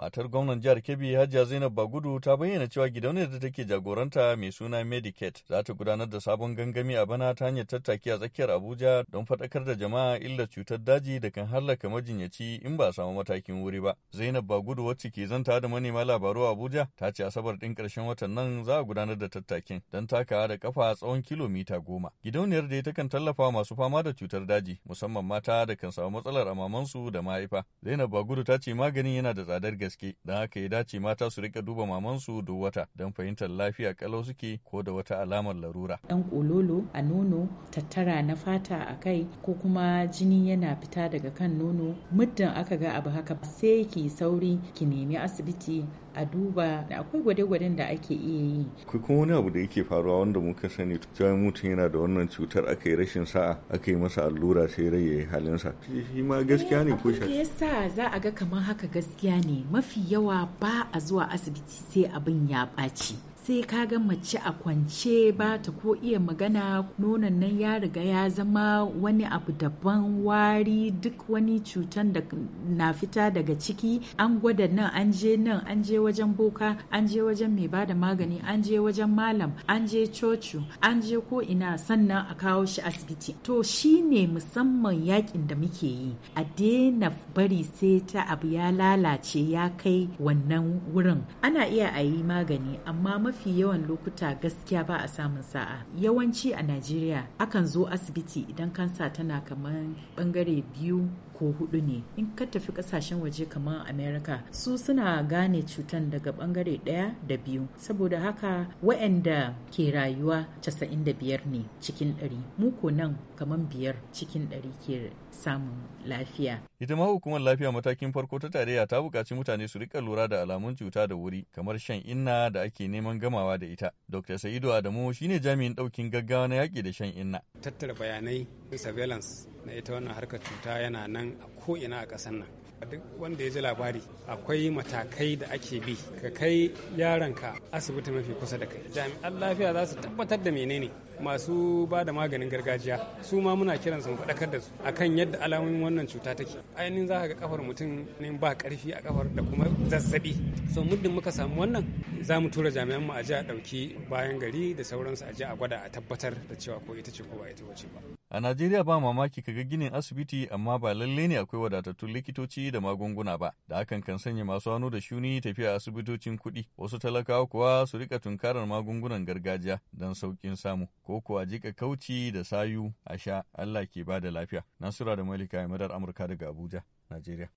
Matar gwamnan jihar Kebbi Hajiya Zainab Bagudu ta bayyana cewa gidauniyar da take jagoranta mai suna Medicaid za ta gudanar da sabon gangami a bana ta hanyar tattaki a tsakiyar Abuja don faɗakar da jama'a illar cutar daji da kan hallaka majinyaci in ba a samu matakin wuri ba. Zainab Bagudu wacce ke zanta da manema labaru a Abuja ta ce Asabar din ƙarshen watan nan za a gudanar da tattakin don taka da kafa tsawon kilomita goma. Gidauniyar da ta kan tallafa masu fama da cutar daji musamman mata da kan samu matsalar amamansu da mahaifa. Zainab Bagudu ta ce maganin yana da tsadar gaske. gaske da haka ya dace mata su rika duba mamansu duk wata don fahimtar lafiya kalau suke ko da wata alamar larura. Dan kololo a nono tattara na fata a kai ko kuma jini yana fita daga kan nono muddin aka ga abu haka sai ki sauri ki nemi asibiti a duba da akwai gwade-gwaden da ake iya yi. Akwai kuma wani abu da yake faruwa wanda muka sani cewa mutum yana da wannan cutar aka yi rashin sa'a aka yi masa allura sai rai ya yi halinsa. Shi ma gaskiya ne ko shi. sa za a ga kamar haka gaskiya ne mafi yawa ba a zuwa asibiti sai abin ya ɓaci. sai ka ga mace a kwance ba ta ko iya magana nonon nan ya riga ya zama wani abu daban wari duk wani cutan da na fita daga ciki an gwada nan an je nan an je wajen boka an je wajen mai bada magani an je wajen malam an je cocu an je ko ina sannan a kawo shi asibiti to shi ne musamman yakin da muke yi a daina bari sai ta abu ya lalace ya kai wannan wurin ana iya a yi magani amma mafi mafi yawan lokuta gaskiya ba a samun sa'a yawanci a najeriya akan zo asibiti idan kansa tana kamar bangare biyu ko hudu ne in ka tafi kasashen waje kamar america su suna gane cutan daga bangare daya da biyu saboda haka waɗanda ke rayuwa 95 ne cikin 100 mu nan kamar biyar cikin 100 ke samun lafiya Ita ma hukumar lafiya matakin farko ta tarayya ta buƙaci mutane su rika lura da alamun cuta da wuri kamar shan inna da ake neman gamawa da ita. Dr. Sa'idu Adamu shine jami'in ɗaukin gaggawa na yaƙi da shan inna. Tattara bayanai surveillance na ita wannan harkar cuta yana nan a ko'ina a ƙasar nan. duk wanda ya ji labari akwai matakai da ake bi ka kai yaronka asibiti mafi kusa da kai jami'an lafiya za su tabbatar da menene masu ba da maganin gargajiya su ma muna kiran su faɗakar da su akan yadda alamomin wannan cuta take ainihin za ka ga kafar mutum ne ba ƙarfi a kafar da kuma zazzabi so muddin muka samu wannan za mu tura jami'an mu a ji a ɗauki bayan gari da sauransu a ji a gwada a tabbatar da cewa ko ita ce ko ba ita ce ba. A Najeriya ba mamaki kaga ginin asibiti amma ba lalle ne akwai wadatattun likitoci da magunguna ba, da hakan kan sanya masu hannu da shuni tafiya asibitocin kuɗi, wasu talakawa kuwa su rika tunkarar magungunan gargajiya don saukin samu, ko kuwa jika kauci da sayu a sha Allah ke ba da lafiya. Nasura da Malika Madar Amurka daga Abuja, Najeriya.